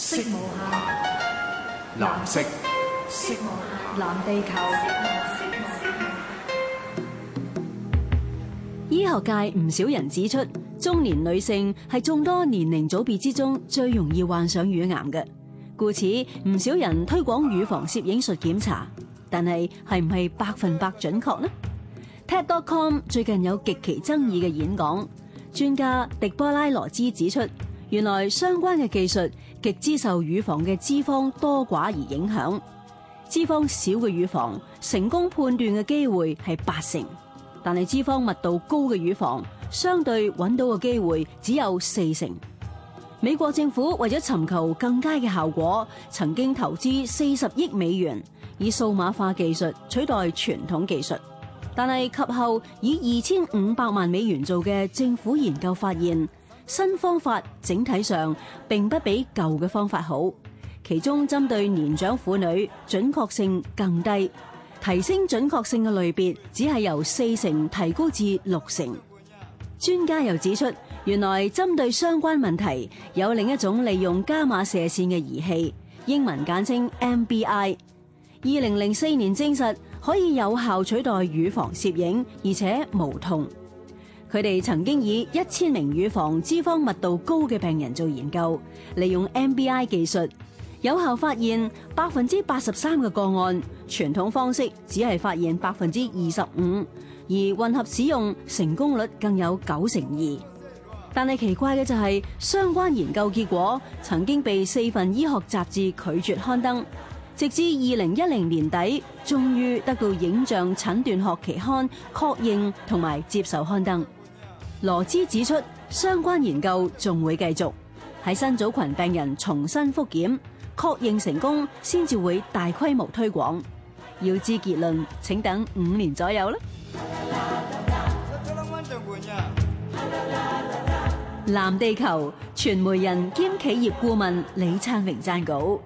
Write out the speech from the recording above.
色無限藍色，色無限藍地球。醫學界唔少人指出，中年女性係眾多年齡組別之中最容易患上乳癌嘅，故此唔少人推廣乳房攝影術檢查。但係係唔係百分百準確呢？TED.com 最近有極其爭議嘅演講，專家迪波拉羅茲指出。原來相關嘅技術極之受乳房嘅脂肪多寡而影響，脂肪少嘅乳房成功判斷嘅機會係八成，但係脂肪密度高嘅乳房相對揾到嘅機會只有四成。美國政府為咗尋求更佳嘅效果，曾經投資四十億美元，以數碼化技術取代傳統技術，但係及後以二千五百萬美元做嘅政府研究發現。新方法整體上並不比舊嘅方法好，其中針對年長婦女準確性更低，提升準確性嘅類別只係由四成提高至六成。專家又指出，原來針對相關問題有另一種利用伽馬射線嘅儀器，英文簡稱 MBI。二零零四年證實可以有效取代乳房攝影，而且無痛。佢哋曾經以一千名乳房脂肪密度高嘅病人做研究，利用 MBI 技術，有效發現百分之八十三嘅個案，傳統方式只係發現百分之二十五，而混合使用成功率更有九成二。但係奇怪嘅就係，相關研究結果曾經被四份醫學雜誌拒絕刊登，直至二零一零年底，終於得到影像診斷學期刊確認同埋接受刊登。羅茲指出，相關研究仲會繼續喺新組群病人重新複檢，確認成功先至會大規模推廣。要知結論，請等五年左右啦，啦，啦。藍地球傳媒人兼企業顧問李燦榮撰稿。